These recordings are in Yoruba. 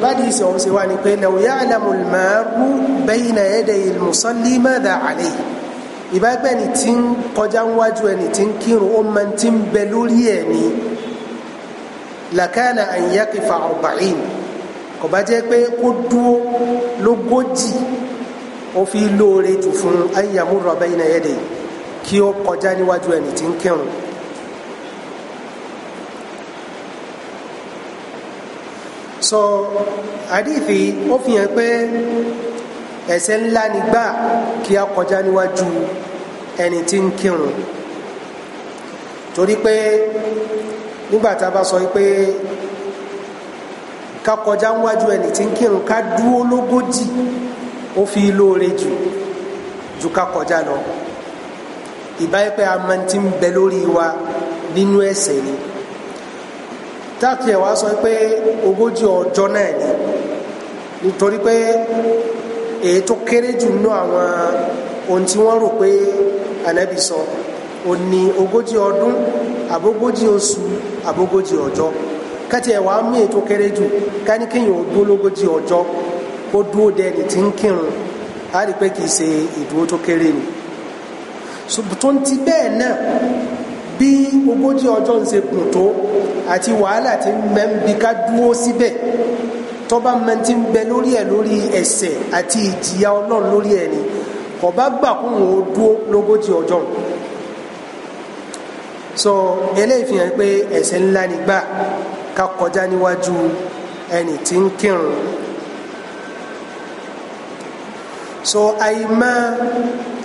báyìí sọ ṣe wá ni pé law ya'lamu al-maru bayna yaday al-musalli madha alayhi ìbágbẹ́ ni ti ń kọjá wájú ẹni ti ń kírun ó máa ti ń bẹ lórí ẹ̀ ni làkàna an yaqifa arba'in kò bá jẹ́ pé kó dúró lógójì ó fi lóore jù fún an yamurra bayna kí ó kọjá níwájú ẹni ti ń kírun. sọ àdìfì ó fi hàn pé ẹ̀ṣẹ̀ ńlá ni gbà kí a kọjá níwájú ẹni tí ń kírun torí pé nígbà tá a bá sọ pé ká kọjá níwájú ẹni tí ń kírun ká dúró lógójì ó fi lóore jù ju ká kọjá lọ ìbáyé pé a máa ti ń bẹ lórí wa nínú ẹ̀ṣẹ̀ ni táàkì ẹ̀ wá sọ pé ogójì ọjọ́ náà ni nítorí pé èyí tó kéré jù nínú àwọn ohun tí wọ́n rò pé ànábì sọ ò ní ogójì ọdún àbógójì oṣù àbógójì ọjọ́ kátì ẹ̀ wá mú èyí tó kéré jù ká ní lógójì ọjọ́ kó dúró dẹni tí ń kírun á rí pé kì í ṣe ìdúró tó kéré ni tó ti bẹ́ẹ̀ náà bí ogójì ọjọ́ ń ṣe gùn tó àti wàhálà tí ń bẹ ń bi ká dúró síbẹ̀ tọ́ba mẹ́rin ti ń bẹ lórí ẹ̀ lórí ẹ̀ṣẹ̀ àti ìjìyà ọlọ́run lórí ẹ̀ ni kò gbà kún òun dúró lógójì ọjọ́ so eléyìí fi hàn pé ẹ̀ṣẹ̀ ńlá ni gbà ká kọjá níwájú ẹni tí ń kírun so àìmọ̀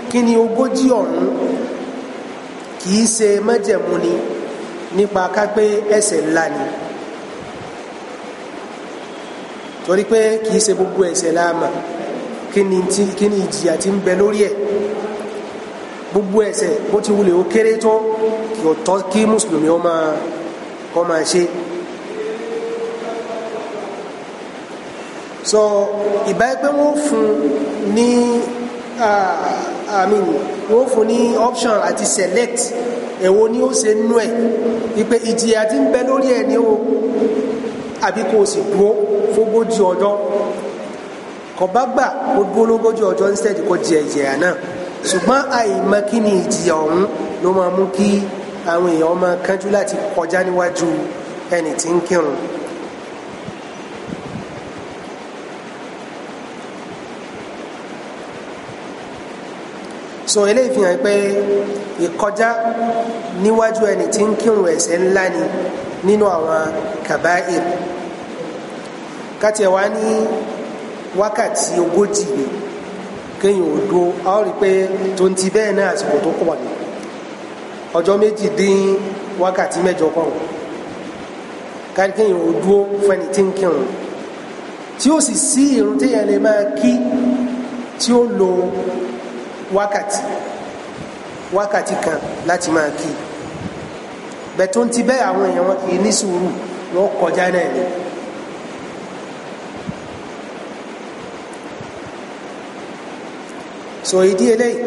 kí ni ogójì ọ̀hún kìí ṣe májẹ̀mú ni nípa kápé ẹ̀ṣẹ̀ ńlá ni torí pé kìí ṣe gbogbo ẹ̀ṣẹ̀ láàmà kí ni ìjìyà tí ń bẹ lórí ẹ̀ gbogbo ẹ̀ṣẹ̀ bó ti wulẹ̀ ó kéré tó kí ó tọ́ kí mùsùlùmí ó máa ó ṣe so ìbáyé pé wọ́n fún ní i mean wọ́n fún ní option àti select èwo ni ó ṣe nú ẹ̀ ìpè ìjìyà tí ń bẹ lórí ẹ̀ ni ó àbí kò sì dúró fógójì ọjọ́ kò bá gbà ó dúró lógójì ọjọ́ instead kò jẹ ìjìyà náà ṣùgbọ́n àìmọ̀ kí ni ìjìyà ọ̀hún ló máa mú kí àwọn èèyàn máa kánjú láti kọjá níwájú ẹni tí ń kírun. so eléyìí fi hàn pé ìkọjá níwájú ẹni tí ń kírun ẹ̀ṣẹ̀ ńlá ni nínú àwọn kàbáìr káti ẹ̀ ní wákàtí ogójì ni kéèyàn ò do a ó rí i pé tó ń ti bẹ́ẹ̀ náà àsìkò tó pọ̀ ni ọjọ́ méjì dín wákàtí mẹ́jọ kan káàdì kéèyàn ò dúó fẹ́ni tí ń kírun tí ó sì sí irun téèyàn lè máa kí tí ó lo wákàtí wákàtí kan láti máa kí bẹ̀tọ́ ti bẹ́ àwọn èèyàn wọn ní sùúrù wọn kọjá náà ni. so ìdí eléyìí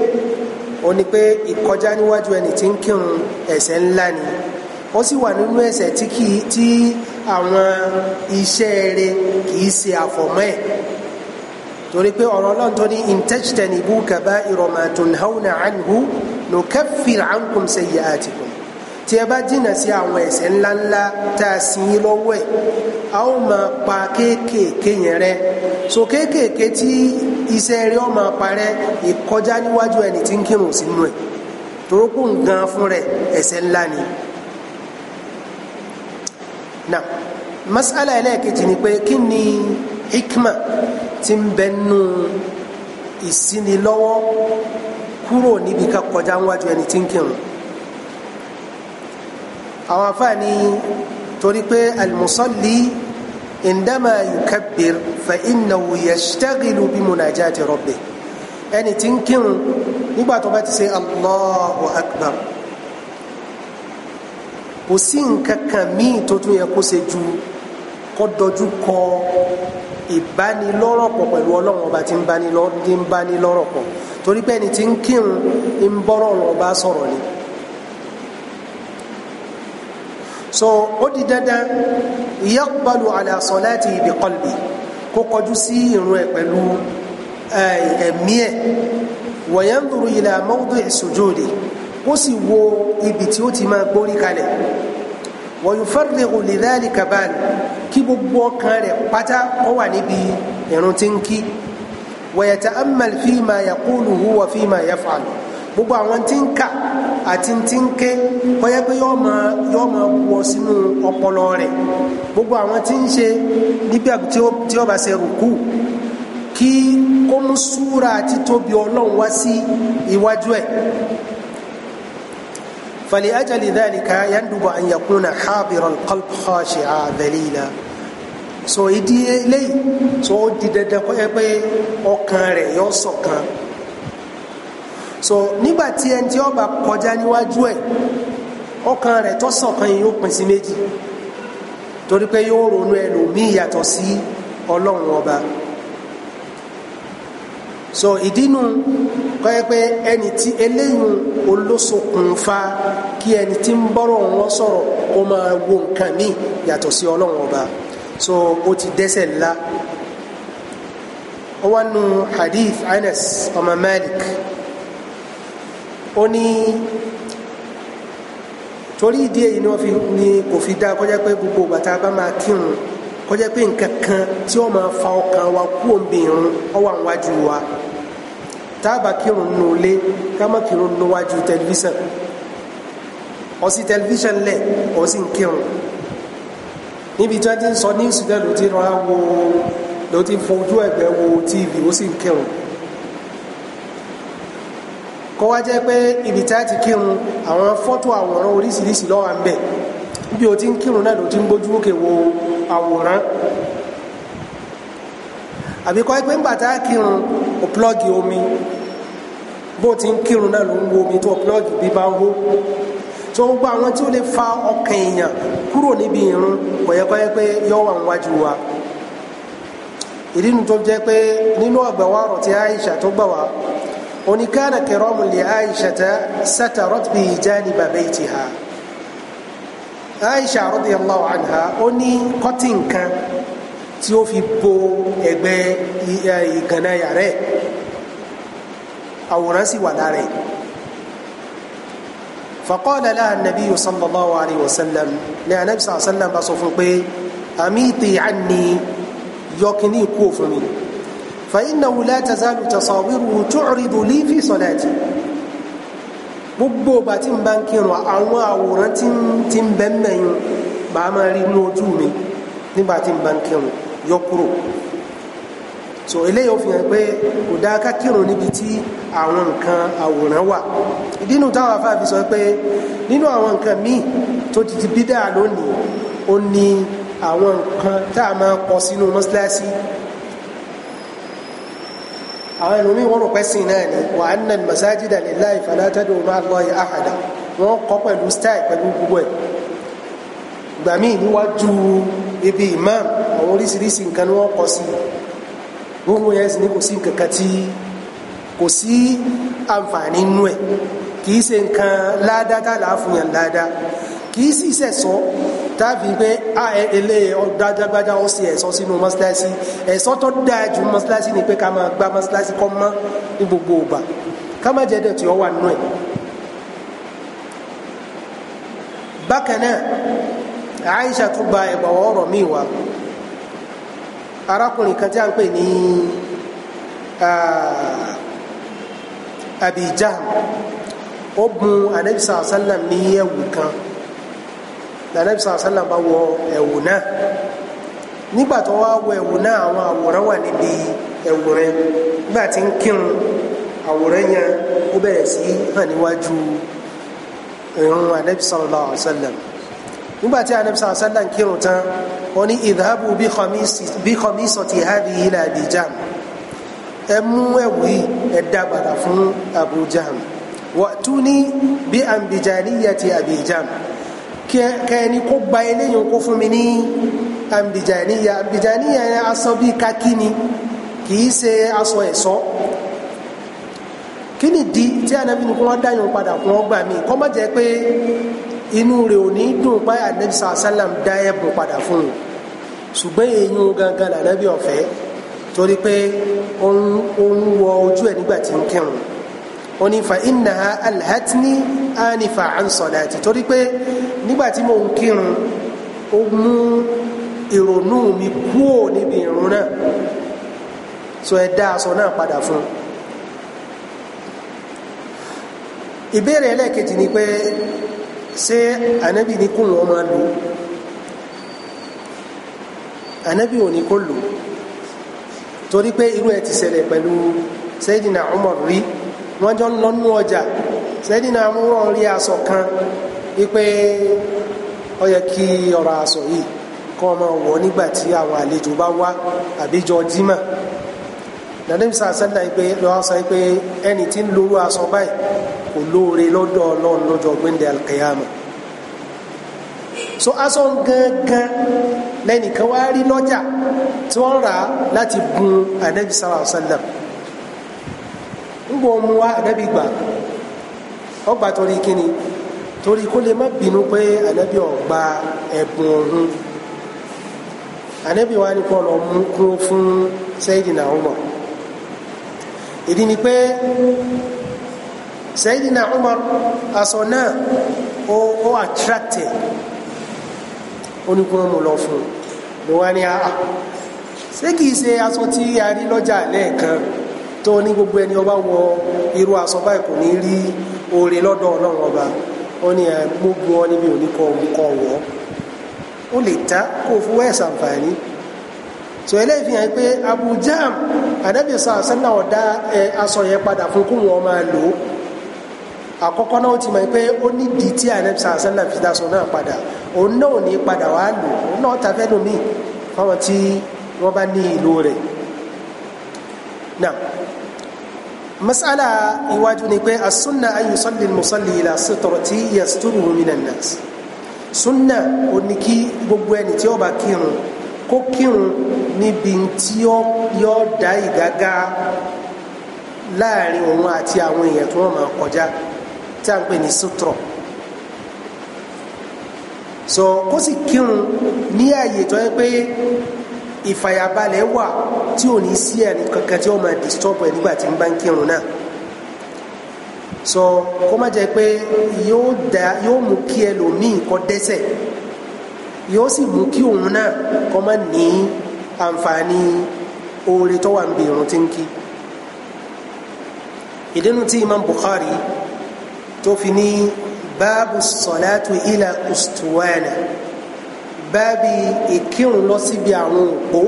ó ní pé ìkọjá níwájú ẹni tí ń kírun ẹ̀ṣẹ̀ ńlá ni ó sì wà nínú ẹ̀ṣẹ̀ tí àwọn iṣẹ́ rẹ̀ kì í ṣe àfọ̀mọ́ ẹ̀ torí pé ọ̀rọ̀ náà tó ní in tajtanibu kaba'ira ma tunhawna anhu nukaffir ankum sayyi'atikum tí ẹ bá jìnnà sí àwọn ẹ̀ṣẹ̀ ńláńlá tá a sin yín lọ́wọ́ ẹ̀ a ó máa pa kéékèèké yẹn rẹ́ so kéékèèké tí iṣẹ́ rẹ̀ ó máa parẹ́ ìkọjá níwájú ẹni tí ń kírun sínú ẹ̀ torókù gan fún rẹ̀ ẹ̀ṣẹ̀ ńlá ni. masala ẹlẹ́ẹ̀kejì ni pé kí ni hikma tí ń bẹ nù ìsinilọ́wọ́ kúrò níbi ká kọjá wájú ẹni tí ń kírun àwọn afáàní torí pé al-musalli indama yukabbir fa innahu yashtaghilu bi munajati rabbih ẹni tí ń kírun nígbà tó bá ti ṣe allahu akbar kò sí nǹkan míì tó tún yẹ kó ṣe ju kó dojú kọ ìbánilọ́rọ̀ pọ̀ pẹ̀lú ọlọ́run ọba tí ń bánilọ́rọ̀ pọ̀ torí pé ẹni tí ń kírun ń bọ́rọ̀ ọba sọ̀rọ̀ ni. so ó di dandan yaqbalu ala salati bi qalbi kó kọjú sí irun ẹ̀ pẹ̀lú eh, ẹ̀mí ẹ̀ wa yanzuru ila mawdi'i sujudi ó sì wo ibi tí ó ti máa gbórí kalẹ̀ wọ̀yùfẹ́rìlẹ̀kù lìdáàlì kàbáàlì kí gbogbo ọkàn rẹ̀ pátá ó wà níbi ìrun tí ń kí wọ̀yẹ̀tà amal fíìmà yàkúlù huwa fíìmà yaf'alu gbogbo àwọn tí ń kà àti tí ń ké kọjá pé yọ́ máa wọ sínú ọpọlọ rẹ̀ gbogbo àwọn tí ń ṣe nígbà tí ó bá ṣe rùkú kí kó mú súra títóbi ọlọ́run wá sí iwájú ẹ̀ فلأجل ذلك يندب أن يكون حاضر القلب خاشعا ذليلا so idi eléyìí so ó di dandan kó yẹ ọkàn rẹ̀ yọ ṣọ̀kan so nígbà tí ẹni tí ó bá kọjá níwájú ẹ̀ ọkàn rẹ̀ tó ṣọ̀kan yìí ó pín sí méjì torí pé yóò ronú ẹlòmíì yàtọ̀ sí Ọlọ́run ọba. so ìdínú kọ́ ẹ pé ẹni tí eléyìí olóṣokùnfà kí ẹni tí ń bọ́rọ̀ wọn sọ̀rọ̀ kó máa wo nǹkan míì yàtọ̀ sí ọlọ́run ọba so ó ti dẹ́ṣẹ̀ ńlá ó wá nu hadith Anas ọmọ Malik ó ní torí ìdí èyí ni wọ́n fi ni kò fi dá kọjá pé gbogbo ìgbà tá bá máa kírun kọjá pé nǹkan kan tí ó máa fa ọkàn wa kú òǹbìrún àwọn wájú tábà kírun nù lé ká má kírun níwájú tẹlifíṣàn ó ṣí tẹlifíṣàn lẹ̀ ó sì ń kírun níbi tí wọ́n ti ń sọ ní ìsúlẹ̀ ló ti rọra wo ló ti fojú ẹ̀gbẹ́ wo tv ó sì ń kírun kó wá jẹ́ pé ibi tá a ti kírun àwọn fọ́tò àwòrán oríṣiríṣi ló wà ń bẹ bí o ti ń kírun náà ló ti ń gbójú òkè wo àwòrán àbíkọ́ ẹgbẹ́ ń bàtà kírun ò omi bó ti ń kírun náà ló ń wo omi tó plọ́ọ̀gì bí bá ń hó tó ń gbọ́ àwọn tí ó lè fa ọkàn èèyàn kúrò níbi ìrun kò yẹ kó yẹ pé yọ wà níwájú wa ìdí tó jẹ́ pé nínú ọgbẹ̀wá ọ̀rọ̀ tí Aisha tó gbà wá oníkànnà kẹrọ́mù lè Aisha tẹ sátàrọ́t bí ìjáde bàbá ìtì ha Aisha radiyallahu anha ó ní kọ́tì nǹkan tí ó fi bo ẹ̀gbẹ́ ìgànnà yàrá ẹ̀ àwòrán sì wà lára ẹ̀ faqala laha an-nabiyyu sallallahu alayhi wa sallam ní anabi sallallahu alayhi wa sallam bá sọ fún pé amiti anni yọkìnní kú òfin mi fa innahu la tazalu tasawiruhu tu'ridu li fi salati gbogbo ọba tí n bá ń kírun àwọn àwòrán tí ń bẹ́ẹ̀ mẹ́yìn bàá máa rí inú ojú mi nígbà tí n bá ń kírun yọ so eléyìí ó fi hàn pé kò dáa ká kírun níbi tí àwọn nǹkan àwòrán wà ìdínú táwọn afáàfi sọ pé nínú àwọn nǹkan míì tó ti ti bídà lónìí ó ní àwọn nǹkan tá a máa kọ sínú mọ́sálásí àwọn ẹlòmí wọn rò pé náà ni wà á nà masajida lillahi fala tad'u ma'a Allahi ahada wọn kọ pẹ̀lú style pẹ̀lú gbogbo ẹ̀ gbàmí níwájú ibi imam àwọn oríṣiríṣi nǹkan ni wọn kọ sí gbogbo yẹn sì ní kò sí nǹkankan tí kò sí àǹfààní nú ẹ̀ kì í ṣe nǹkan ládátà láàfùyàn ládá kì í sì sẹ̀sọ́ táàfin pé a ilé ọ̀dájágbájá ó ṣe ẹ̀sọ́ sínú mọ́sálásí ẹ̀sọ́ tó dáa ju mọ́sálásí ni pé ká máa gba mọ́sálásí kọ́ mọ́ ní gbogbo ògbà ká má jẹ́ dẹ̀tí ọ wà nú ẹ̀. bákan náà Aisha tún gba ẹ̀gbà ọ̀rọ̀ míì wá arákùnrin kan tí a ń pè ní Abi Jahm ó bùn anabisa asalam ní ẹ̀wù kan anabisa asalam bá wọ ẹ̀wù náà nígbà tó wá wọ ẹ̀wù náà àwọn àwòrán wà níbi ẹ̀wù rẹ̀ nígbà tí ń kírun àwòrán yẹn ó bẹ̀rẹ̀ sí hàn nígbàtí anamsa sallan kírun tán ó ní idhabu bí khamisati hadhihi ila Abi Jahm ẹ mú ẹ̀wù yìí ẹ dábàrà fún Abu Jahm wa'tuni bi ambijaniyati Abi Jahm kẹ́ni kó gba eléyìí kó fún mi ní ambijaniya ambijaniya yẹn aṣọ bíi kákí ni kìí ṣe aṣọ ẹ̀ṣọ́ kí ni di tí anabi ni kí wọ́n dáyọ̀ padà kún ọgbà mi kọ́ má jẹ́ pé inú rẹ̀ ò ní dùn pé anabi sàlám dá ẹ̀bùn padà fún un ṣùgbọ́n èyí ń gangan lànàbí ọ̀fẹ́ torí pé òun wọ ojú ẹ̀ nígbà tí ń kírun ó ní fa innaha alhatni anifa an salati torí pé nígbà tí mò ń kírun ó mú ìrònú mi kúò níbi ìrun náà so ẹ dá aṣọ náà padà fún un ìbéèrè ẹlẹ́ẹ̀kejì ni pé se anabi ni kullu ma lu anabi oni kullu tori pe iru e ti sele pelu sayidina umar ri won jo ọjà nu oja sayidina umar ri kan bi pe o ye ki ora aso yi ko ma wo nigba ti awon alejo ba wa abi jo jima nabi sallallahu alaihi wasallam pe lo aso pe eni tin bayi kò lọ́dọ̀ ọlọ́run lọ́jọ́ gbẹ́ndẹ̀ so aṣọ gangan lẹ́nìkan wá rí lọ́jà tí wọ́n anabi sallallahu alaihi mu wá anabi gbà ọgbà torí kíni torí kó lè anabi ọgbà ẹ̀bùn ọ̀run anabi wa ni kó lọ mú kúrò fún Sayyidina Sayyidina Umar aṣọ náà ó o attracted ó ní lọ fún un ló wá ah, a lọ́jà lẹ́ẹ̀kan tó ní gbogbo ẹni ọba wọ irú aṣọ báyìí kò ní rí oore ọba ó gbogbo eh, ọ níbi òní kọ wọ ó lè ta kó tò pé Abu àṣẹ náà eh, aṣọ yẹn padà fún kóun ọmọ àkọ́kọ́ náà ó ti mọ̀ pé ó nídìí tí anabi sàásánlá fi daṣọ náà padà òun náà ò ní padà wàá lò òun náà ta fẹ́ẹ́ lómi fáwọn tí wọ́n bá ní ìlò rẹ̀ náà masala iwájú ni pé asúnà ayùsọ́lì mùsọ́lì ìlà sọ̀tọ̀rọ̀ tí yasturu minan nas súnà ò ní kí gbogbo ẹni tí ó bá kírun kó kírun níbi tí yọ dá ìgágá láàrin òun àti àwọn èèyàn tí wọ́n máa kọjá tí a ń pè ní sutura so kó sì kírun ní ààyè tó yẹ pé ìfàyàbalẹ̀ wà tí ò ní sí ẹni kankan tí ó máa disturb ẹ nígbà tí ń bá ń kírun náà so kó má jẹ́ pé yóò da yóò mú kí ẹlòmíì kó dẹ́ṣẹ̀ yóò sì mú kí òun náà kó má ní àǹfààní oore tó wà ń bèrún tí ń kí ìdínú tí Imam Bukhari tó fi ní báàbù sọ̀látù ilà ustuwana báàbì ìkírun lọ síbi àwọn òpó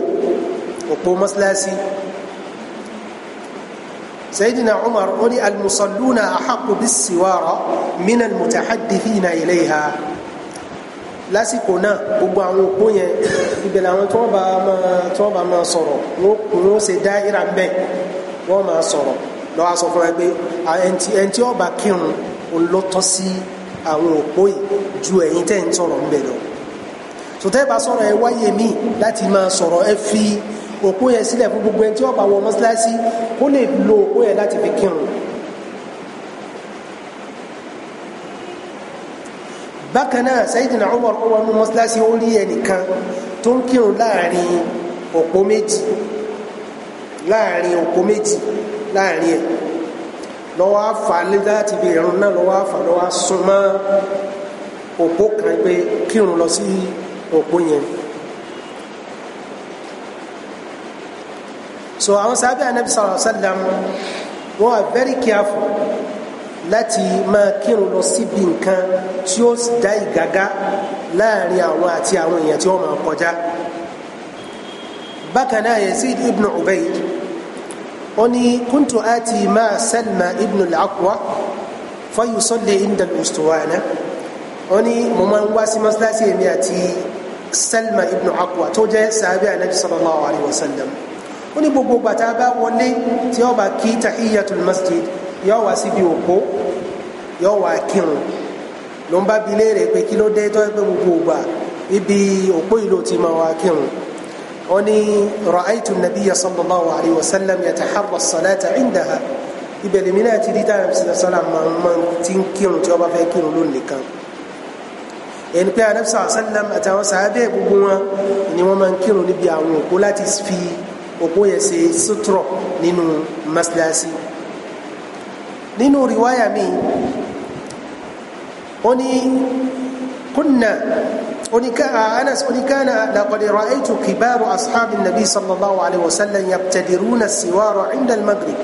òpó mọ́sálásí sayidina umar ó ní almusalluna ahaqqu bis-siwara min almutahaddithina ilayha lásìkò náà gbogbo àwọn òpó yẹn ibẹ̀ làwọn tí wọ́n bá máa tí wọ́n bá máa sọ̀rọ̀ wọ́n ṣe dáírà ń bẹ̀ wọ́n máa sọ̀rọ̀ lọ́wọ́ sọ fún wa pé ẹni tí ó kírun òun ló tọ́ sí àwọn òpó yìí ju ẹ̀yin tẹ́ ń sọ̀rọ̀ ń bẹ̀ lọ sòtẹ́ bá sọ̀rọ̀ ẹ wáyé mi láti máa sọ̀rọ̀ ẹ fi òpó yẹn sílẹ̀ fún gbogbo ẹni tí ó bá wọ mọ́sálásí kó lè lo òpó yẹn láti fi kírun bákan náà Sayyidina Umar ó wọnú mọ́sálásí ó rí ẹnìkan tó ń kírun láàrin òpó méjì láàrin òpó méjì láàrin ẹ̀ lọ́wọ́ afa lẹ́dá ti bi ìrún náà lọ́wọ́ afa lọ́wọ́ asúnmọ́ òpó kan pé kírun lọ sí òpó yẹn. so àwọn sábẹ́ anabi sallallahu alaihi wọ́n are very careful láti máa kírun lọ síbi nǹkan tí ó dá ìgàgá láàrin àwọn àti àwọn èèyàn tí wọ́n máa kọjá bákan náà Yazid ibn Ubayd. أني كنت آتي مع سلمى ابن العقوة فيصلي عند الأسطوانة أني ممن واسي مسلاسي يأتي سلمى ابن عقوة توجه سابع النبي صلى الله عليه وسلم أني بوبو بتابا ولي تيوبا كي تحية المسجد يوا سيبي وكو يوا كيرو لنبا بليري بكيلو ديتو بوبا ibi òpó ìlò ti máa wá kírun وني رأيت النبي صلى الله عليه وسلم يتحرى الصلاة عندها ibẹ̀lẹ̀ mi náà ti rí táwọn ṣe sọ́là máa ń ti ń kírun tí ọba fẹ́ kírun lónìí nìkan ẹni pé anabisa asalam àtàwọn sàábẹ́ gbogbo wọn ni wọ́n máa ń kírun níbi àwọn òpó láti fi òpó yẹn ṣe sutura nínú masilasi nínú riwaya mi ó ní أنس كان لقد رأيت كبار أصحاب النبي صلى الله عليه وسلم يبتدرون السوار عند المغرب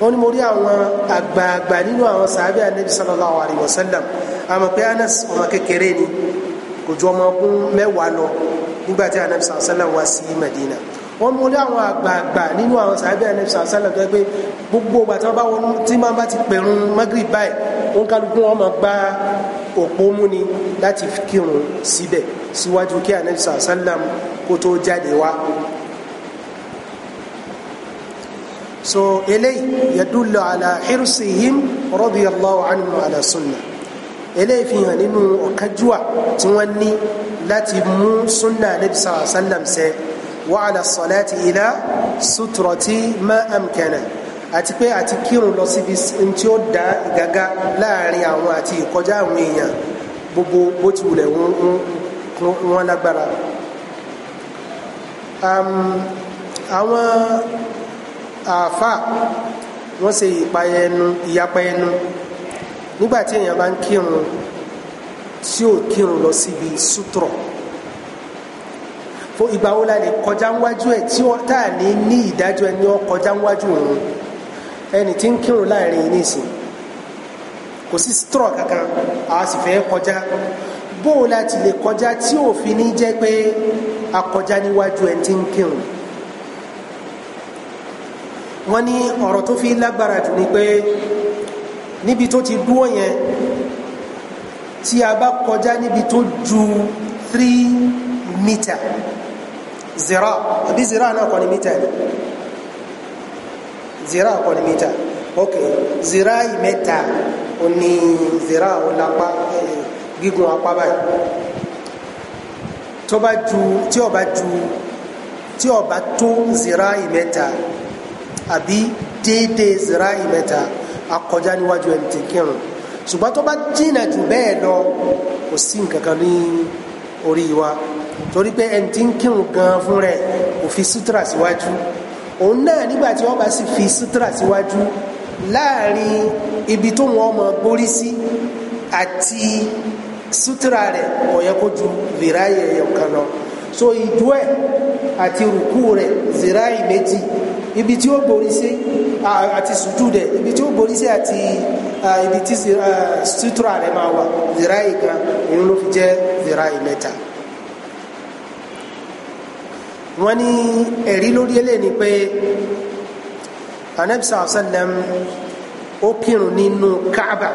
wọ́n mọ̀ rí àwọn àgbààgbà nínú àwọn sàábì anabi sallallahu alayhi wa sallam àmọ́ pé anas ọmọ kékeré ni kò ju ọmọ ọdún mẹ́wàá lọ nígbà tí anabi sallallahu alayhi wa sallam wá sí madina wọ́n mọ̀ rí àwọn àgbààgbà nínú àwọn sàábì anabi sallallahu alayhi wa sallam tó gbogbo ìgbà tí wọ́n bá wọn tí wọ́n bá ti pẹ̀rùn magrib báyìí wọ́n kálukú wọn máa gba òpó mú ni láti kírun síbẹ̀ síwájú kí anabi sàlám kó tó jáde wá. so eléyìí yadullu ala hirsihim radiyallahu anhum ala sunna eléyìí fi hàn nínú ọ̀kánjúwà tí wọ́n ní láti mú sunna anabi sàlám ṣẹ wa ala salati ila suturati ma amkana àti pé àti kírun lọ síbi tí ó dá ìgàgá láàrin àwọn àti ìkọjá àwọn èèyàn gbogbo bó ti wulẹ̀ wọn lágbára àwọn àáfà wọ́n ṣe ìpayà ẹnu ìyapa ẹnu nígbà tí èèyàn bá ń kírun tí ò kírun lọ síbi sútúrọ̀ fún ìgbà wo la lè kọjá níwájú ẹ̀ tí wọ́n tá à ní ní ìdájọ́ ẹni ọ kọjá níwájú òun ẹni tí ń kírun láàrin yìí nìsín kò sí strọ kankan a sì fẹ́ kọjá bó o láti lè kọjá tí òfin ní jẹ́ pé a kọjá níwájú ẹ̀ tí ń kírun wọ́n ní ọ̀rọ̀ tó fi lágbára jù ni pé níbi tó ti dúró yẹn tí a bá kọjá níbi tó ju three mita zira àbí zira náà kọ́ ni mita ni zira kọ́ ni mita ok zira yìí mẹ́ta ó ní zera ó lápá gígùn apá báyìí tó bá ju tí ó bá ju tí ó bá tó zera ìmẹ́ta àbí déédéé zera ìmẹ́ta akọjá níwájú ẹni tí kírun ṣùgbọ́n tó bá jìnnà jù bẹ́ẹ̀ lọ kò sí nǹkan ní orí wa torí pé ẹni tí ń kírun gan fún rẹ̀ kò fi sutura síwájú òun náà nígbà tí wọ́n sì fi sutura síwájú láàrin ibi tó wọn ọmọ gbórí sí àti sutura rẹ̀ kò yẹ kó ju zirayi ẹyọ kan lọ so ìdú ẹ àti rùkú rẹ̀ zirayi méjì ibi tí ó gbórí sí àti sùjú rẹ̀ ibi tí ó gbórí sí àti ibi tí sutura rẹ̀ máa wà zirayi kan òun ló fi jẹ́ zirayi mẹ́ta wọ́n ní ẹ̀rí lórí eléyìí ni pé anabi sàlá sàlám ó kírun nínú káàbà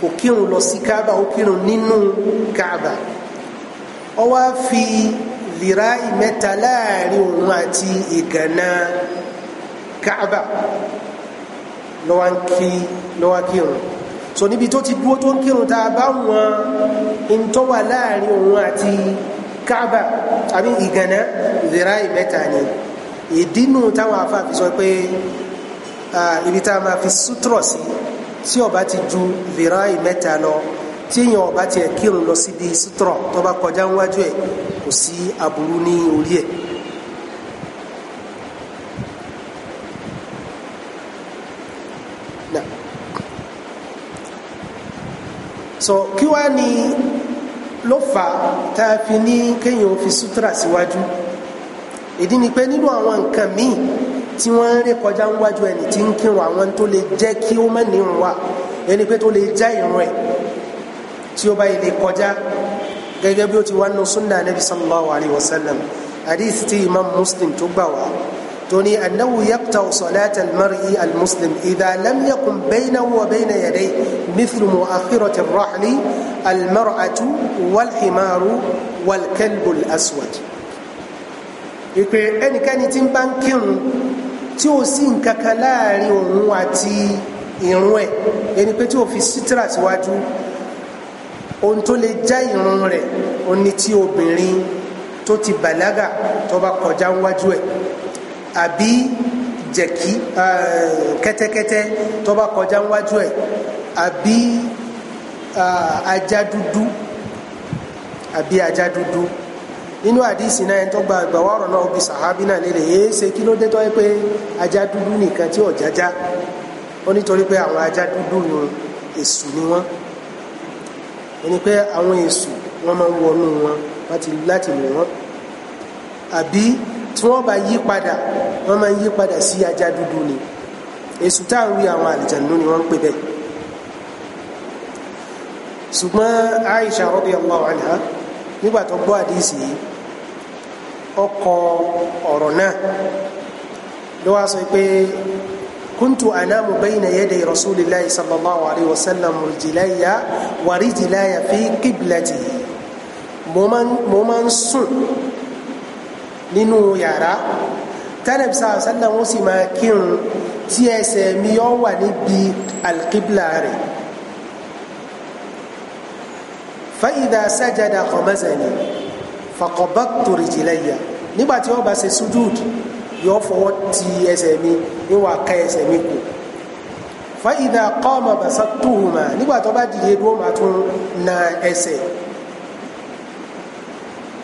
kò kírun lọ sí káàbà ó kírun nínú káàbà ó wá fi lìrá ìmẹ́ta láàrin òun àti ìgànnà káàbà lọ́wọ́ ń kí lọ́wọ́ kírun so níbi tó ti dúró tó ń kírun tá a bá wọn ń tó láàrin òun àti káàbà àbí ìgànnà lìrá ìmẹ́ta ni ìdínú táwọn afa fi sọ pé ibi tá a máa fi sútúrọ̀ sí tí ó bá ti ju virayi mẹ́ta lọ tí èèyàn ó bá tiẹ̀ kírun lọ síbi sútúrọ̀ tó bá kọjá níwájú ẹ̀ kò sí aburú ní orí ẹ̀. so kí wàá ní ló fà tá a fi ní kéèyàn fi sútúrà síwájú. Si ìdí ni pé nínú àwọn nǹkan míì tí wọ́n ń ré kọjá níwájú ẹni tí ń kírun àwọn tó lè jẹ́ kí ó má nírun wà ẹni pé tó lè já ìrun ẹ̀ tí ó bá yìí lè kọjá gẹ́gẹ́ bí ó ti wá nù súnà nabi sallallahu alayhi wa sallam hadith ti imam muslim tó gbà wá tó ní annahu yaqta salata almar'i almuslim idha lam yakun baynahu wa bayna yadayhi mithlu mu'akhirati walhimaru walkalbu alaswad ìpè ẹnikẹ́ni tí ń bá ń kírun tí ó sì ń kankan láàrin òun àti ìrun ẹ̀ ẹni pé tí ó fi sítírà síwájú ohun tó lè já ìrun rẹ̀ ó ní tí obìnrin tó ti bàlágà tó bá kọjá wájú ẹ̀ àbí jẹ̀kí kẹ́tẹ́kẹ́tẹ́ tó bá kọjá wájú ẹ̀ àbí ajá dúdú àbí ajá dúdú inú àdìsí náà ẹni tó gba ìgbàwọ́ ọ̀rọ̀ náà bí sàhábí náà lélẹ̀ èé ṣe kí ló dé tọ́ pé ajá dúdú nìkan tí ọ̀jájá ó nítorí pé àwọn ajá dúdú ni èṣù ni wọ́n ẹni pé àwọn èṣù wọ́n máa ń wọnú wọn láti lò wọ́n àbí tí wọ́n bá yí padà wọ́n máa ń yí padà sí ajá dúdú ni èṣù tá à ń rí àwọn àlìjànú ni wọ́n ń pè bẹ́ẹ̀ ṣùgbọ́n Aisha radiyallahu anha nígbà tó gbọ́ àdìsí yìí ọkọ ọ̀rọ̀ náà ló wá sọ pé kuntu anamu bayna yaday rasulillahi sallallahu alayhi wa sallam murjilaya warijilaya fi qiblati mo máa ń sùn nínú yàrá tẹ́lẹ̀bí sáà sálẹ̀ wọ́n sì máa kírun tí ẹsẹ̀ mi yọ wà níbi alqibla rẹ̀ fa'idha sajada qamasani faqabattu rijlayya nígbà tí ó bá ṣe sujud yóò fọwọ́ ti ẹsẹ̀ mi níwà ká ẹsẹ̀ mi kù fa'idha qama basattuhuma nígbà tó bá dìde dúró máa tún na ẹsẹ̀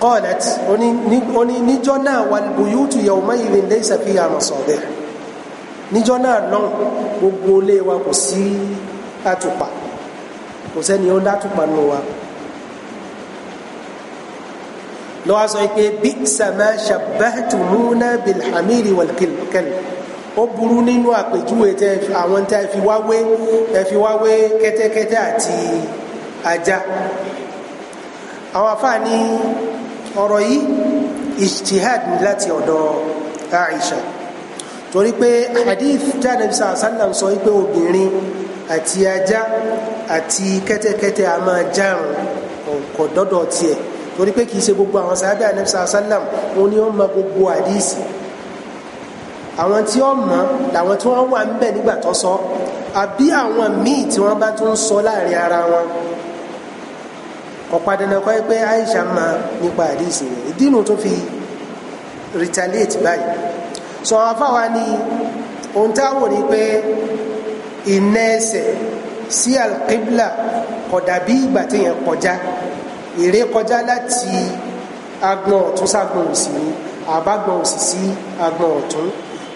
qalat oní níjọ́ náà wal buyutu yawma'idhin laysa fiha masabih níjọ́ náà náà gbogbo ilé kò sí àtùpà kò sẹ́ni ó dátùpà nù wa lọ́wọ́ sọ pé bi'sa ma shabbahtumuna bilhamiri walkilkel ó burú nínú àpèjúwe tẹ àwọn tẹ fi wá wé tẹ fi wá wé kẹ́tẹ́kẹ́tẹ́ àti ajá àwọn afáàní ọ̀rọ̀ yìí ijtihad ni láti ọ̀dọ̀ Aisha torí pé hadith janabi sallam sọ wípé obìnrin àti ajá àti kẹ́tẹ́kẹ́tẹ́ a máa járun kò dọ́dọ̀ tiẹ̀ torí pé kì í ṣe gbogbo àwọn sàábẹ́ anẹ́bísà sálàm òun ni wọ́n mọ gbogbo àdíìsì àwọn tí wọ́n mọ̀ làwọn tí wọ́n wà ń bẹ̀ nígbà tó sọ àbí àwọn míì tí wọ́n bá tún sọ láàrin ara wọn ọ̀pá dandan pé Aisha mọ̀ nípa àdíìsì rẹ̀ ìdínú tó fi retaliate báyìí sọ àwọn afáwa ni ohun táwọn ni pé ìnẹ́ẹsẹ̀ sí alqibla kódà bí ìgbà téèyàn kọjá ìré kọjá láti agbọn ọ̀tún ságbọn òsì ni àbágbọn òsì sí agbọn ọ̀tún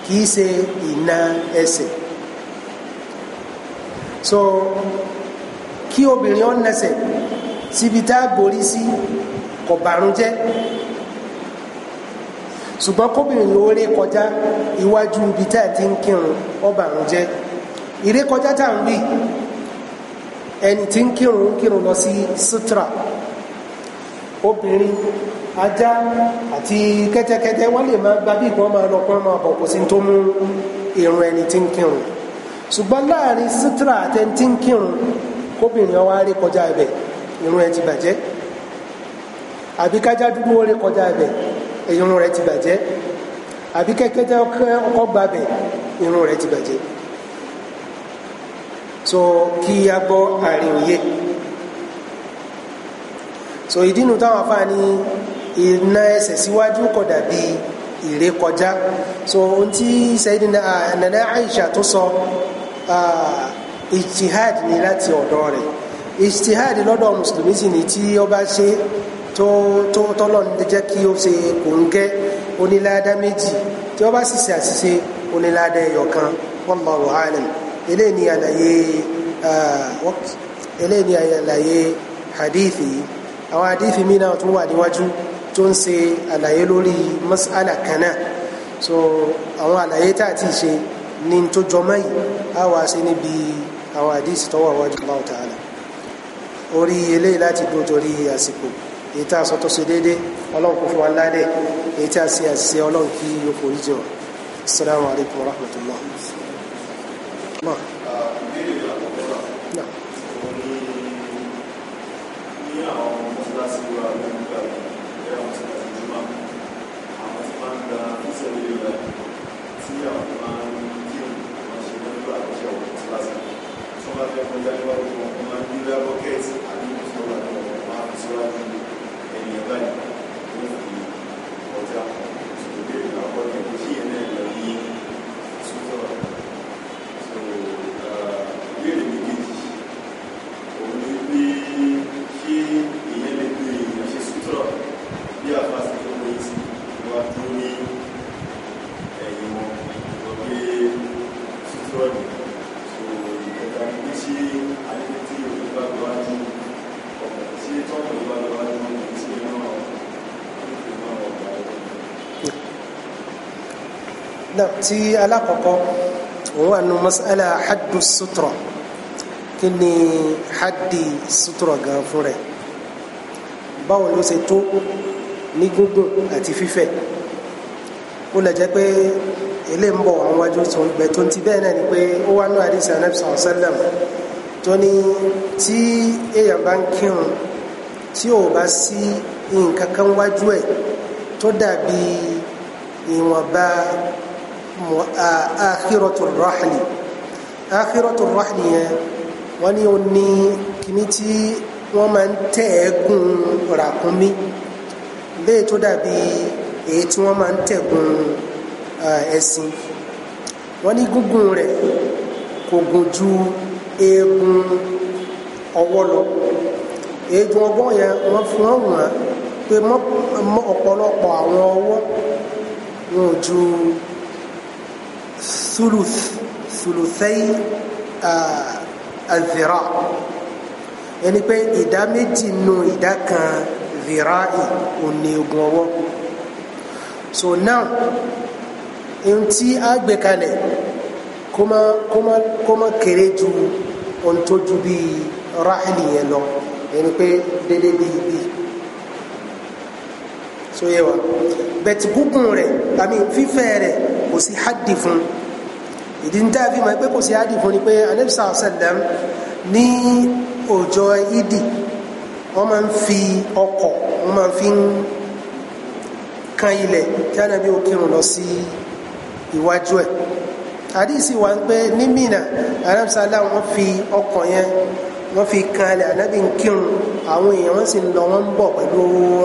kì í ṣe ìna ẹsẹ̀ so kí obìnrin ọ̀ nẹsẹ̀ síbi tá a borí sí kò bàrún jẹ́ ṣùgbọ́n kóbìnrin ló ré kọjá iwájú ibi tá a ti ń kírun ó jẹ́ ìré tá à ń wí ẹni tí ń kírun ń kírun lọ sí sutra. Si obìnrin ajá àti kẹ́tẹ́kẹ́tẹ́ wọ́n lè máa gba bí ìkan máa lọ pọ́n máa bọ̀ kò sí tó mú irun ẹni tí ń kírun ṣùgbọ́n láàrin sítra àtẹ tí ń kírun kóbìnrin ọwọ́ á rí kọjá ibẹ̀ irun ẹ ti bàjẹ́ àbí kájá dúdú ó rí kọjá ibẹ̀ irun rẹ ti bàjẹ́ àbí kẹ́kẹ́tẹ́ ọkọ̀ gbabẹ̀ irun rẹ ti bàjẹ́ so kí a gbọ́ àríwòye so ìdínú táwọn afáà ní iná ẹsẹ̀ síwájú kò dàbí ìrè kọjá so ohun tí Sayyidina Nana Aisha tó sọ ijtihad ni láti ọ̀dọ̀ rẹ̀ ijtihad lọ́dọ̀ mùsùlùmí sì ni tí ó bá ṣe tó tó tọ́lọ̀ ń jẹ́ kí ó ṣe kòńgẹ́ onílàádá méjì tí ó bá sì ṣe àṣìṣe onílàádá ẹyọ kan wallahu alam eléyìí ni àlàyé eléyìí ni àlàyé hadithi yìí àwọn àdífi mi náà tún wà níwájú tó ń ṣe àlàyé lórí mas'ala kan so àwọn àlàyé tá a ti ṣe ní tó jọmọ́ yìí á wá sí níbi àwọn àdífi tó wà wájú Allah ta'ala orí eléyìí láti dúró torí àsìkò èyí tá a sọ tó ṣe déédé ọlọ́run kò fún wa ládẹ̀ èyí tá a ṣe àṣìṣe ọlọ́run kí yóò forí jẹ wa assalamu alaikum warahmatullahi. àwọn tó máa ń kí wọ́n ṣe lọ́jọ́ àkọsí ọ̀hún ti lásì tí wọ́n bá fẹ́ kọjá níwájú wọn wọ́n tí alákọ̀ọ́kọ́ òun wà nù mas'ala haddu sutura kí ni haddi sutura gan fún rẹ̀ báwo ló ṣe tó ní gúngùn àti fífẹ̀ ó lè jẹ́ pé ilé ń bọ̀ àwọn wájú tó ń gbẹ tó ń ti bẹ́ẹ̀ náà ni pé ó wá ní àdìsí anabisàn sálẹ̀m tó ní tí èèyàn bá ń kírun tí ò bá sí nǹkan kan wájú ẹ̀ tó dàbí ìwọ̀nba akhiratu rahli akhiratu rahli yẹn wọ́n ní o ní kíní tí wọ́n máa ń tẹ̀ ẹ́gùn ràkúnmí léè tó dàbí èyí tí wọ́n máa ń tẹ̀gùn ẹṣin wọ́n ní gúngùn rẹ̀ kò gùn ju eegun ọwọ́ lọ eegun ọwọ́ yẹn wọ́n fi wọ́n wọ̀n pé ọ̀pọ̀lọpọ̀ àwọn ọwọ́ wọn ò ju ثلث ثلثي الذراع ẹni pé ìdá méjì nù ìdá kan zira'i òní ogun ọwọ́ so now ohun tí a gbé kalẹ̀ kó má kó má kó má kéré ju ohun tó ju bíi ráìlì yẹn lọ ẹni pé dédé bíi bíi so yẹ wa bẹ̀tì gúngùn rẹ̀ àmì fífẹ̀ rẹ̀ kò sí hádìí fún un ìdí ní táàbí ma pé kò sí áàdì fún ni pé anabisa ọ̀sẹ̀lẹ̀m ní òjò ìdì wọ́n máa ń fi ọkọ̀ wọ́n máa ń fi kan ilẹ̀ kí anabi ó kírun lọ sí iwájú ẹ̀ àdìsí wa ń pé ní Mínà anabisa aláwọ wọ́n fi ọkọ̀ yẹn wọ́n fi kan ilẹ̀ anabi ń kírun àwọn èèyàn wọ́n sì ń lọ wọ́n ń bọ̀ pẹ̀lú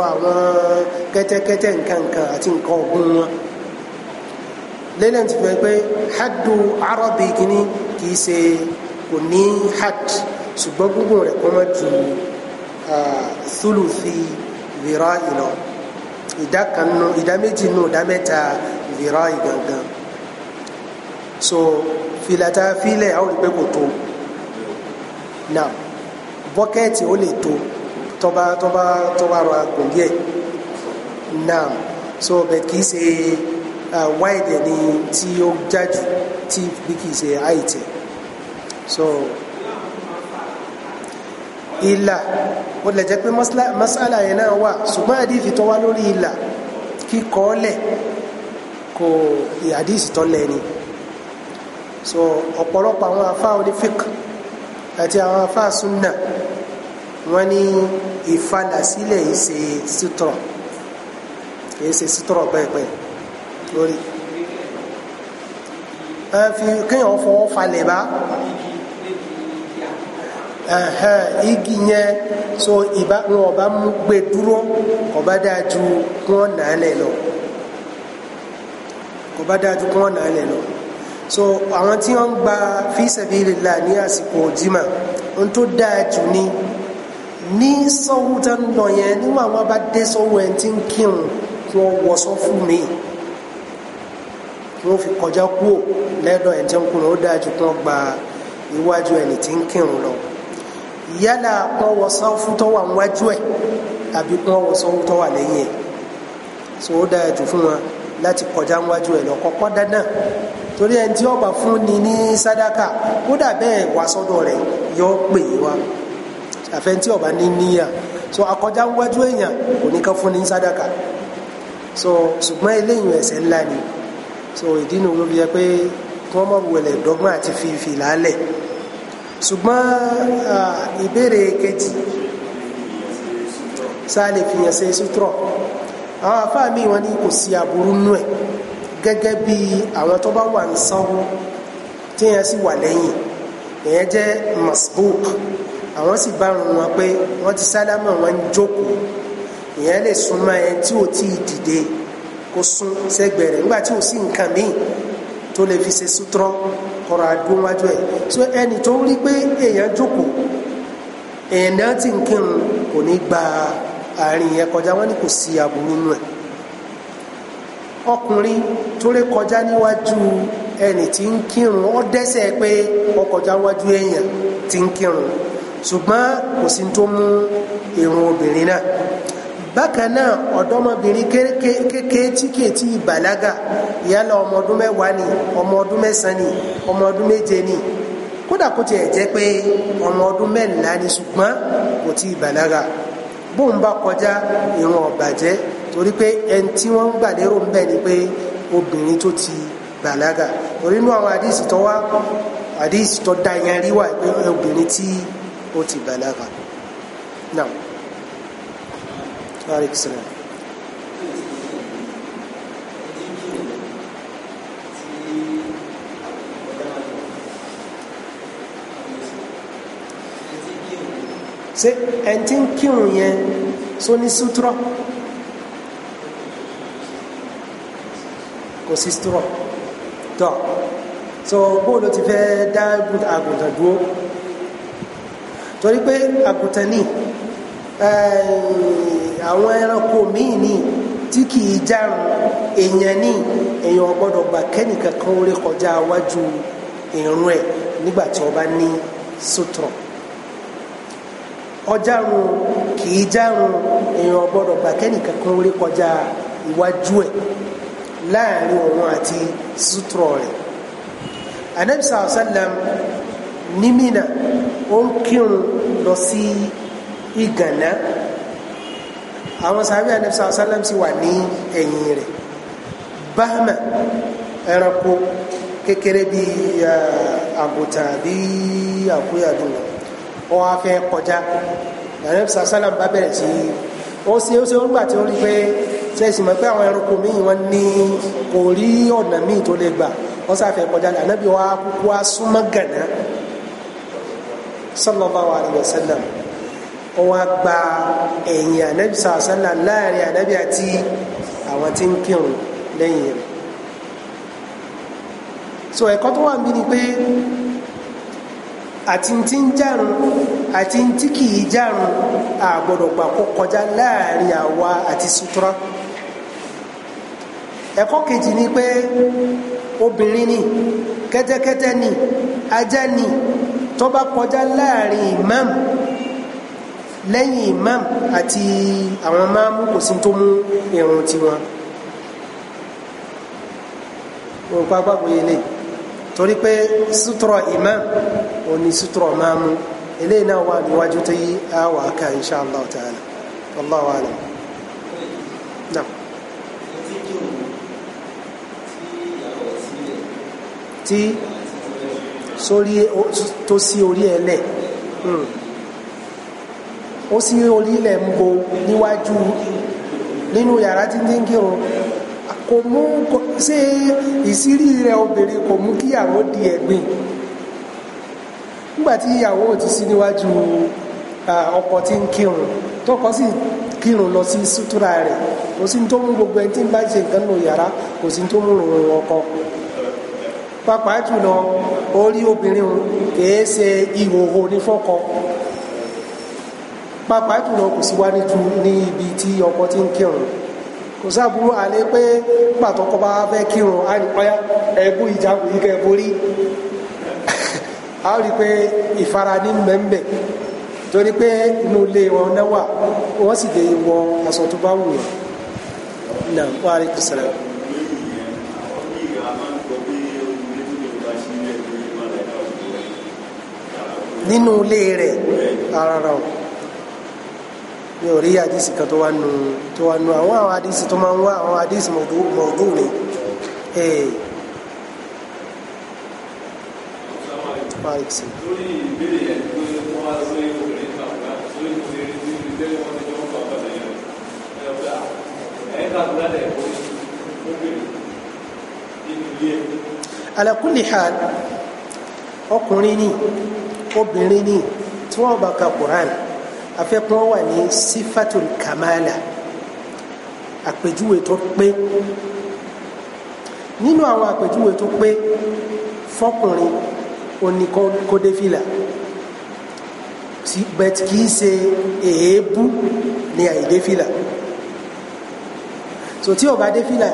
àwọn kẹ́tẹ́kẹ́tẹ́ nǹkan nǹkan àti nǹkan ọ̀gbun wọn lẹ́lẹ̀ ti fẹ́ pé haddu arabi kìíní kìí ṣe kò ní had ṣùgbọ́n gbogbo rẹ̀ kọ́ máa ju thuluthi vira ìlọ ìdá kan nù ìdá méjì nù ìdá mẹ́ta vira ìgangan so filata filẹ̀ àwọn olùgbé kò tó náà bọ́kẹ́ẹ̀tì ó lè tó tọ́ba tọ́ba tọ́ba rọ àgùn díẹ̀ náà so bẹ̀ kìí ṣe wáìdẹ̀ ni tí ó jájú tí bí kìí ṣe àìtẹ̀ so ìlà ó lè jẹ́ pé masala yẹn náà wà ṣùgbọ́n àdífi tó wá lórí ìlà kíkọ́ lẹ̀ kò àdífi tó lẹ̀ so ọ̀pọ̀lọpọ̀ àwọn afá onífik àti àwọn afá súnà wọ́n ní ìfalà sílẹ̀ ìṣe sítọ̀rọ̀ kìí ṣe sítọ̀rọ̀ lórí ẹ fi fọwọ́ falẹ̀ bá igi yẹn so ìbá wọn ọba mú gbé dúró ọba dáa ju kí wọn lẹ lọ ọba dáa ju kí wọn lẹ lọ so àwọn tí wọn gba fi sabilillah ní àsìkò jimá ohun tó dáa jù ní ní sọ́wọ́ tó ń lọ yẹn níwọ̀n àwọn bá dé sọ́wọ́ ẹ̀ tí ń kírun kí wọ́n wọ sọ́fù mi wọ́n fi kọjá kúò lẹ́dọ̀ ẹni tí ń kúrò ó dájú kí wọ́n gba iwájú ẹni tí ń kírun lọ yálà kọ́ wọ wà níwájú ẹ̀ àbí kọ́ wọ wà lẹ́yìn ẹ̀ so ó dájú fún wọn láti kọjá níwájú ẹ̀ lọ kọ́kọ́ dandan torí ẹni tí ọba fún ni ní sádàkà kódà bẹ́ẹ̀ wá sọ́dọ̀ rẹ̀ yọ pè é wa àfẹn tí ọba ní níyà so akọjá níwájú èèyàn kò ní ká fún ni sádàkà so ṣùgbọ́n eléyìí ẹ̀ṣẹ̀ ńlá ni. So, so ìdí nu ló fi jẹ pé kí wọ́n mọ̀ wẹ̀lẹ̀ dọ́gbọ́n àti fìfì lálẹ̀ ṣùgbọ́n ìbéèrè kejì sáà lè fi yẹn ṣe sútúrọ̀ àwọn afáà míì wọ́n ní kò sí aburú nú ẹ̀ gẹ́gẹ́ bí àwọn tó bá wà ní sanwó tí yẹn sì wà lẹ́yìn ìyẹn jẹ́ masbuk àwọn sì bá rún wọn pé wọ́n ti sálámà wọn jókòó ìyẹn lè súnmọ́ ẹ tí ò tí ì dìde kó sún sẹ́gbẹ̀ẹ́ rẹ̀ nígbà tí ò sí nǹkan míì tó lè fi ṣe sútúrọ́ kọ́ra dún wájú ẹ̀ so ẹni tó rí pé èèyàn jókòó èèyàn náà ti ń kírun kò ní gba àárín yẹn kọjá wọn ni kò sí aburú nù ẹ̀ ọkùnrin tó lè kọjá níwájú ẹni tí ń kírun ó dẹ́ṣẹ̀ pé ó kọjá wájú èèyàn tí ń kírun ṣùgbọ́n kò sí tó mú irun obìnrin náà bákan náà ọ̀dọ́mọbìnrin kékeré tí ti ìyálà ọmọ ọdún mẹ́wàá ni ọmọ ọdún mẹ́sàn-án ni ni kódà kó tiẹ̀ jẹ́ pé ọmọ ọdún ni ṣùgbọ́n kò tí ì bàlágà bóun bá kọjá ọ̀bàjẹ́ torí pé ẹni tí wọ́n ń ni pé obìnrin tó ti bàlágà torí inú àwọn àdìsí tó wá àdìsí tó da rí obìnrin tí ó ti bàlágà Aleyküm selam. ṣe ẹn tí ń kírun yẹn só ní sútúrọ kò sí sútúrọ tọ so bóòlù ti fẹ́ dá àgùntàn dúró torí pé àgùntàn ní ẹ̀ẹ́ àwọn ẹranko míì ní tí kì í járun èèyàn ní èèyàn gbọ́dọ̀ gbà kẹ́nìkan kan ó lè kọjá wájú ìrun ẹ̀ nígbà tí wọ́n bá ní sùtọ̀ ọjárun kì í járun èèyàn gbọ́dọ̀ gbà kẹ́nìkan kan kọjá iwájú ẹ̀ láàrin òun àti sùtọ̀ rẹ̀ anabisa asalam ní Mínà ń kírun lọ sí ìgànná. Si àwọn sàbí anabisa asalam sì wà ní ẹ̀yìn rẹ̀ bahama ẹranko kékeré bíi àgùntàn bíi àkúyàdùn wọn á fẹ́ kọjá anabisa asalam bá bẹ̀rẹ̀ sí ó ṣe ó ṣe ó ń gbà tí ó rí pé ṣe sì mọ̀ pé àwọn ẹranko míì wọ́n ní kò rí ọ̀nà míì tó lè gbà wọ́n sáfẹ́ kọjá ní anabi wa kúkú wa súnmọ́ gànà sallallahu alaihi wasallam ọwọ́ gba ẹ̀yìn ànábì sàásánlá láàrin ànábì àti àwọn tí ń kírun lẹ́yìn rẹ̀ so ẹ̀kọ́ tó wà ń bí ni pé àti tí ń járun àti tí kì í járun a gbọ́dọ̀ kọjá láàrin àwa àti sutura ẹ̀kọ́ kejì ni pé obìnrin ni kẹ́tẹ́kẹ́tẹ́ ni ajá ni tó bá kọjá láàrin imam lẹ́yìn imam àti àwọn máàmù kò sí tó mú irun tiwọn òun pápá kò yẹlẹ torí pé sutura imam òun ni sutura máàmù eléyìí náà wà níwájú tó yí àwọ̀ àká insha allah ta'ala alam náà. sórí tó sí orí ẹ lẹ. Mm. ó sì orílẹ̀ ń bo níwájú nínú yàrá tí kírun kò mú ṣe ìsírí rẹ̀ obìnrin kò mú kí ìyàwó di ẹ̀gbìn ti sí níwájú ọkọ tí ń kírun tọkọ sì kírun lọ sí sútúrà rẹ̀ kò sí tó mú gbogbo ẹni tí ń bá ṣe nǹkan nù yàrá pàápàá jùlọ kò sí wá ní tí ọkọ tí ń kírun kò sáàbúrú àlẹ́ pé pàtọkọ bá fẹ́ kírun á rí pẹ́yà ẹ̀bú ìjàkùn borí á rí pé ìfarani mẹ́mbẹ̀ torí pé inú ilé wọn náà sì wọ mi ò rí àdìsí kan tó wà nù tó wà nù àwọn àwọn àdìsí tó máa ń wá àwọn àdìsí mọ̀ọ́dún ni. Eh. lórí ọkùnrin ni obìnrin ni tí wọ́n bá ka Qur'an afẹ́pọ́n wà ní sifatul kamala àpèjúwe tó pé nínú àwọn àpèjúwe tó pé fọkùnrin òní kódéfìlà bẹ́ẹ̀ kì í ṣe èébú ní àìdéfìlà so tí ó bá défìlà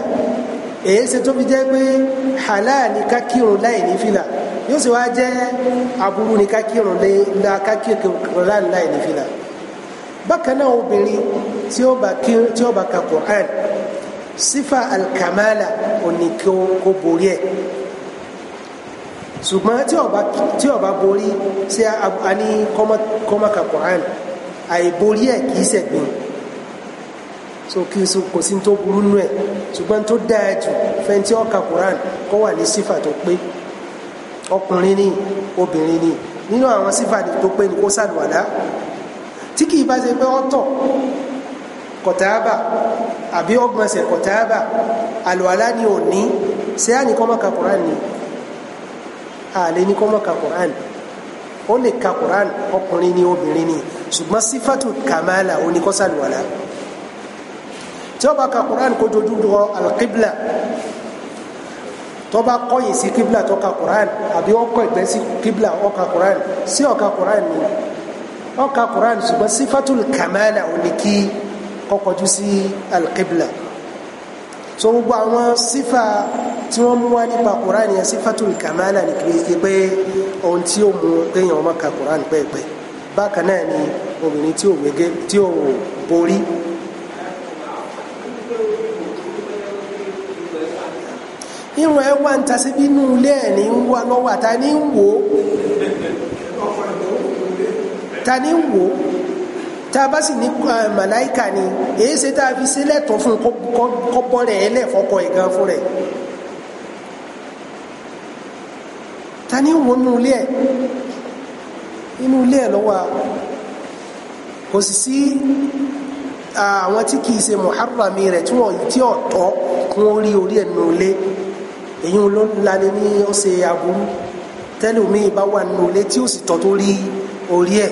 èyí ṣe tó fi jẹ́ pé halal ni ká kírun láì ní fìlà yóò sì wá jẹ́ aburú ni ká kírun láì ní fìlà bákan náà obìnrin tí ó bá kí tí ó bá ka Qur'an sífà alkamala òní kí ó kó borí ẹ̀ ṣùgbọ́n tí ó bá borí sí a ní kọ́mọ́ ka Qur'an àìborí ẹ̀ kìí ṣẹ̀gbìn so kí so kò sí tó burú nù ẹ̀ ṣùgbọ́n tó dáa jù fẹ́ni tí ó ka Qur'an kó wà ní sífà tó pé ọkùnrin ni obìnrin ni nínú àwọn sífà tó pé ni kó ṣàlùwàlá tí kìí bá ṣe pé ọ̀tọ̀ kọ̀tàábà àbí ọgbọ̀nsẹ̀ kọ̀tàábà àlùwàlá ni ò ní ṣé àní kọ́ mọ́ka Qur'an ni àlè ní kọ́ mọ́ka Qur'an ó lè ka Qur'an ọkùnrin ni obìnrin ni ṣùgbọ́n sífàtù kàmáàlà oníkọ́sà àlùwàlá tí ó bá ka Qur'an kó dojú dọ alqibla tó bá kọ̀yìn sí qibla tó Qur'an àbí ọkọ̀ ìgbẹ́ sí qibla ó Qur'an sí ó Qur'an ni wọn ka quran ṣùgbọ́n sifatul kamala ò ní kí kọkọjú sí alqibla so gbogbo àwọn sífà tí wọ́n mú wá nípa quran yẹn sifatul kamala ní kìrìsìtì pé ohun tí ó mú kéèyàn ọmọ ka quran pẹ́ẹ́pẹ́ bákan náà ni obìnrin tí ò wege tí ò borí. irun ẹ wá ń tasí bínú ilé ẹ̀ ní ń wá lọ́wọ́ àtà ń wò ó. Tani ni ń wò tá a bá sì ní màláìka ni èyí ṣe tá a fi ṣe lẹ́tọ̀ fún kọ́ bọ́ rẹ̀ ẹlẹ́fọ́kọ̀ ẹ̀ gan fún rẹ̀ ta ni ń wò nínú ilé ẹ̀ inú ilé ẹ̀ lọ́wọ́ kò sì sí àwọn tí kìí ṣe muharrami rẹ̀ tí wọ́n tí ọ̀tọ̀ kún orí orí ẹ̀ nínú ilé èyí ló ń ní ọ̀sẹ̀ aburú tẹ́lẹ̀ omi ìbá nínú ilé tí ó sì tọ́ tó rí orí ẹ̀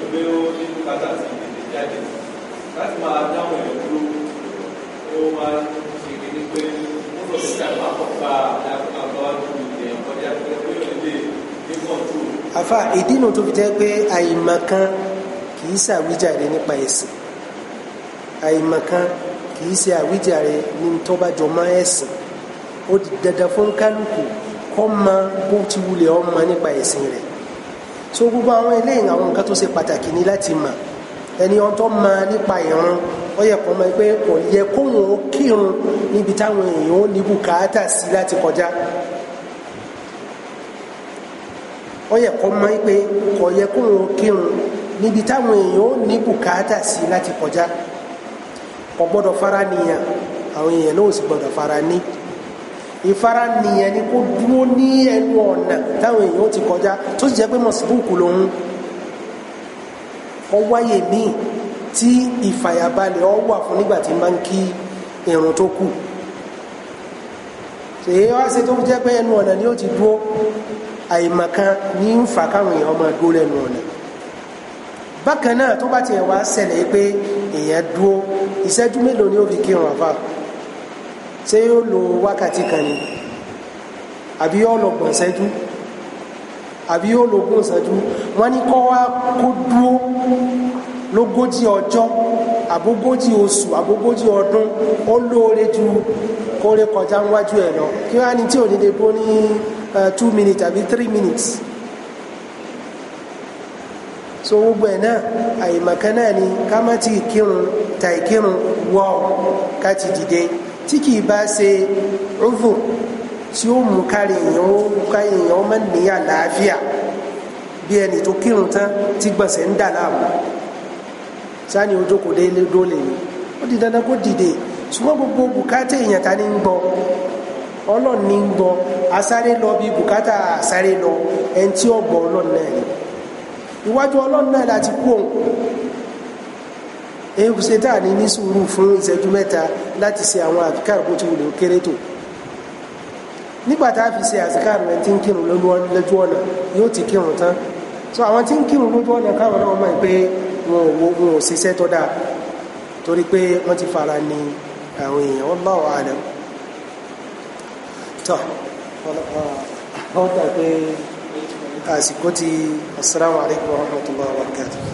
ẹgbẹ́ ó ní bùkátà àti ìdèdè jáde láti máa dáhùn ẹ̀ dúró ó máa ṣe kí ìdí inú tó fi jẹ́ pé kì í nípa ẹ̀sìn kì í di dandan fún kálukú kó mọ bó ti wulẹ̀ ọmọ nípa ẹ̀sìn so gbogbo àwọn eléyìí àwọn nǹkan tó ṣe pàtàkì ní láti mọ̀ ẹni ọ̀n tó mọ̀ nípa ìrun ó yẹ kó mọ̀ pé kò yẹ kóun ó kírun níbi táwọn èèyàn ó ní bùkátà sí láti kọjá ó yẹ kó mọ̀ pé kò yẹ kóun ó kírun níbi táwọn èèyàn ó ní bùkátà sí láti kọjá kò gbọ́dọ̀ fara níyàn àwọn èèyàn náà ò sì gbọ́dọ̀ fara ní ìfara nìyẹn ni kó dúró ní ẹnu ọ̀nà táwọn èèyàn ti kọjá tó sì jẹ́ pé mọ̀sibúùkù lòun ọ wáyè míì tí ìfàyàbalẹ̀ ọ wà fún nígbà tí máa ń kí irun tó kù èyí wá ṣe tó jẹ́ pé ẹnu ọ̀nà ni ó ti dúró àìmọ̀kan ní ń fà káwọn èèyàn máa dúró lẹ́nu ọ̀nà bákan náà tó bá tiẹ̀ wá ṣẹlẹ̀ pé èèyàn dúró ìṣẹ́jú mélòó ni ó fi kírun àfáà ṣé yóò lo wákàtí kan ni àbí yóò lo gbọ̀n ṣẹ́jú àbí yóò lo ogún ìṣẹ́jú wọ́n ní kọ́ wá kó dúró lógójì ọjọ́ àbógójì oṣù àbógójì ọdún ó lóore ju kóore kọjá níwájú ẹ̀ lọ kí wọ́n á ní tí ò ní lè dúró ní eh, two minutes àbí three minutes so gbogbo ẹ̀ náà àyèmọ̀kan náà ni ká má ti kírun tàì kírun wọ́ọ̀ ká ti dìde. tí kì í bá ṣe rúfò tí ó mú kárí èèyàn ó mú kárí èèyàn ó má ní àlàáfíà bí ẹni tó kírun tán tí gbọ̀nsẹ̀ ń dà láàmú sani ojú kò dólè gbogbo bùkátà èèyàn ta ni ń gbọ́ ọlọ́run ní ń gbọ́ asáré lọ bí bùkátà asáré lọ ẹni tí ó gbọ́ ọlọ́run náà ni iwájú ọlọ́run náà láti kú èyí ṣe a ní sùúrù fún ìṣẹ́jú mẹ́ta láti àwọn àbíkàr bó ti wùlò kéré tó nígbà tá a fi se àzíkàr rẹ̀ tí ń kírun lójú ọ̀nà yóò ti kírun tán so àwọn tí ń kírun lójú ọ̀nà káwọn náà mọ̀ pé wọn ò ṣiṣẹ́ tó ti fara ní àwọn èèyàn wa